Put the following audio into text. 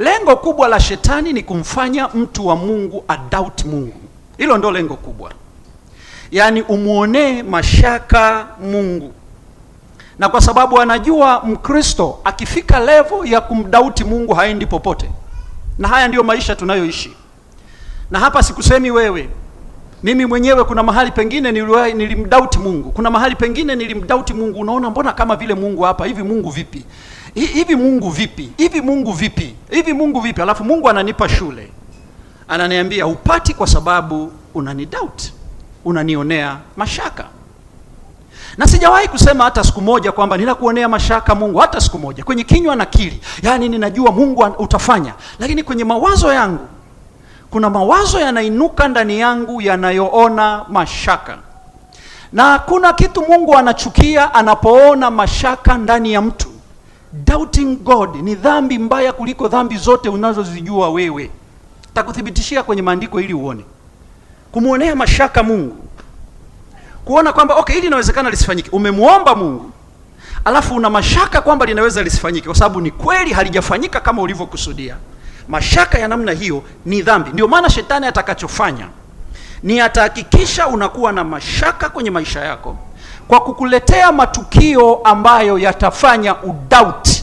Lengo kubwa la shetani ni kumfanya mtu wa Mungu adauti Mungu. Hilo ndo lengo kubwa, yaani umwonee mashaka Mungu, na kwa sababu anajua Mkristo akifika levo ya kumdauti Mungu haendi popote, na haya ndiyo maisha tunayoishi. Na hapa sikusemi wewe, mimi mwenyewe kuna mahali pengine niliwahi nilimdauti Mungu, kuna mahali pengine nilimdauti Mungu, unaona mbona kama vile Mungu hapa hivi, Mungu vipi? hivi Mungu vipi? Hivi Mungu vipi? Hivi Mungu vipi? Alafu Mungu ananipa shule, ananiambia upati kwa sababu unani doubt, unanionea mashaka. Na sijawahi kusema hata siku moja kwamba ninakuonea mashaka Mungu, hata siku moja. Kwenye kinywa na akili, yaani ninajua Mungu utafanya, lakini kwenye mawazo yangu kuna mawazo yanainuka ndani yangu yanayoona mashaka na kuna kitu Mungu anachukia anapoona mashaka ndani ya mtu. Doubting God ni dhambi mbaya kuliko dhambi zote unazozijua wewe. Takuthibitishia kwenye maandiko ili uone. Kumuonea mashaka Mungu, kuona kwamba okay, hili linawezekana lisifanyike. Umemwomba Mungu alafu una mashaka kwamba linaweza lisifanyike, kwa sababu ni kweli halijafanyika kama ulivyokusudia. Mashaka ya namna hiyo ni dhambi. Ndio maana shetani atakachofanya ni atahakikisha unakuwa na mashaka kwenye maisha yako kwa kukuletea matukio ambayo yatafanya udauti